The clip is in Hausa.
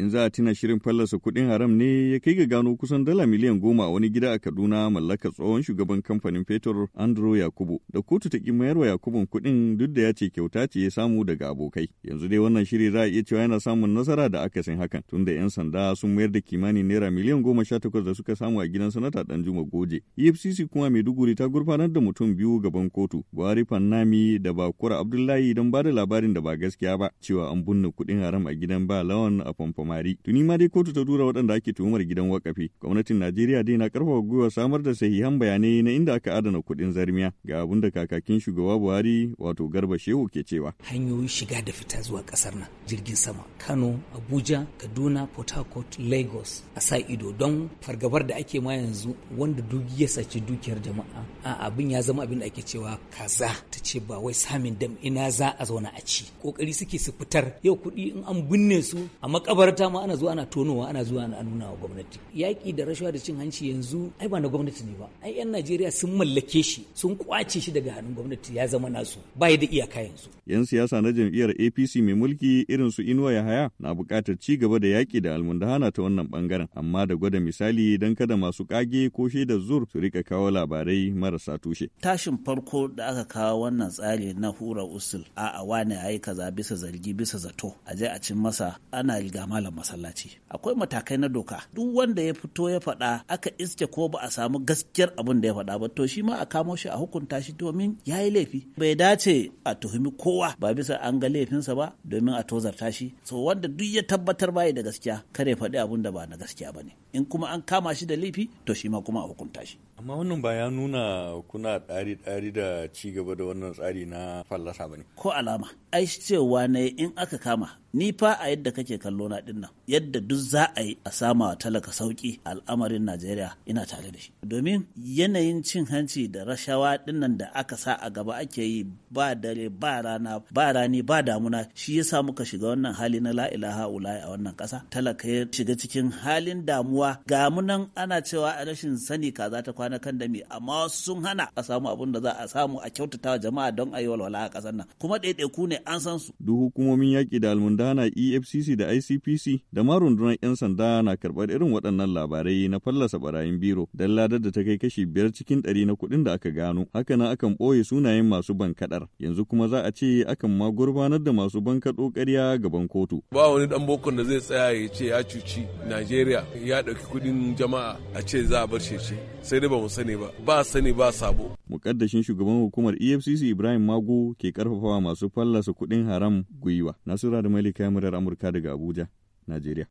in za a tina shirin fallasa kuɗin haram ne ya kai ga gano kusan dala miliyan goma a wani gida a Kaduna mallaka tsohon shugaban kamfanin fetur Andro Yakubu da kotu ta ki mayarwa Yakubun kuɗin duk da ya ce kyauta ce ya samu daga abokai. Yanzu dai wannan shiri za a iya cewa yana samun nasara da akasin hakan tunda 'yan sanda sun mayar da kimanin naira miliyan goma sha takwas da suka samu a gidan sanata Danjuma Goje. EFCC kuma Maiduguri ta gurfanar da mutum biyu gaban kotu Buhari Fannami da Bakura Abdullahi don ba da labarin da ba gaskiya ba cewa an bunne kuɗin haram a gidan ba lawan a famfama Samari. Tuni ma dai kotu ta tura waɗanda ake tuhumar gidan wakafi. Gwamnatin Najeriya dai na karfafa gwiwa samar da sahihan bayanai na inda aka adana kuɗin zarmiya ga abin da kakakin shugaba Buhari wato Garba Shehu ke cewa. hanyoyi shiga da fita zuwa ƙasar nan jirgin sama Kano, Abuja, Kaduna, Port Harcourt, Lagos a sa ido don fargabar da ake ma yanzu wanda dugi ya saci dukiyar jama'a a abin ya zama abin da ake cewa kaza ta ce ba wai samin dam ina za a zauna a ci kokari suke su fitar yau kuɗi in an binne su a makabarta mata ma ana zuwa ana tonowa ana zuwa ana nuna wa gwamnati yaƙi da rashawa da cin hanci yanzu ai ba na gwamnati ne ba ai yan Najeriya sun mallake shi sun kwace shi daga hannun gwamnati ya zama nasu ba da iyaka yanzu yan siyasa na jam'iyyar APC mai mulki irin su Inuwa Yahaya na buƙatar ci gaba da yaƙi da almundahana ta wannan bangaren amma da gwada misali don kada masu kage ko shaida zur su rika kawo labarai marasa tushe tashin farko da aka kawo wannan tsari na hura usul a'a wane yi kaza bisa zargi bisa zato a je a cin masa ana riga ma malam masallaci akwai matakai na doka duk wanda ya fito ya faɗa aka iske ko ba a samu gaskiyar abin da ya faɗa ba to shi ma a kamo shi a hukunta shi domin ya yi laifi bai dace a tuhumi kowa ba bisa an ga laifinsa ba domin a tozarta shi so wanda duk ya tabbatar bayi da gaskiya ya faɗi abin da ba na gaskiya ba ne in kuma an kama shi da laifi to shi ma kuma a hukunta shi amma wannan ba ya nuna kuna ɗari tsari da ci gaba da wannan tsari na fallasa ba ne ko alama ai cewa ne in aka kama ni fa a yadda kake kallo na din nan yadda duk za a yi a sama talaka sauki al'amarin Najeriya ina tare da shi domin yanayin cin hanci da rashawa din nan da aka sa a gaba ake yi ba dare ba rana ba rani ba damuna shi yasa muka shiga wannan hali na la ilaha ulai a wannan kasa talaka ya shiga cikin halin damuwa ga nan ana cewa a rashin sani kaza ta kwana kan dami amma sun hana a samu abin da za a samu a kyautatawa jama'a don a yi walwala a kasar nan kuma ɗaiɗaiku ne an san su duk hukumomin yaƙi da sanda na EFCC da ICPC da ma rundunar 'yan sanda na karɓar irin waɗannan labarai na fallasa barayin biro don ladar da ta kai kashi biyar cikin ɗari na kuɗin da aka gano. Haka na akan ɓoye sunayen masu bankaɗar. Yanzu kuma za a ce akan ma gurbanar da masu bankaɗo ƙarya gaban kotu. Ba wani ɗan bokon da zai tsaya ya ce ya cuci Najeriya ya ɗauki kuɗin jama'a a ce za a bar shi sai dai ba mu sani ba ba sani ba sabo. mukaddashin shugaban hukumar efcc ibrahim mago ke karfafawa masu fallasa kuɗin haram gwiwa nasura da malika murar amurka daga abuja najeriya